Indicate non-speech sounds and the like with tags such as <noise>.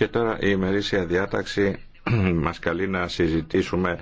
Και τώρα η ημερήσια διάταξη <clears throat> μας καλεί να συζητήσουμε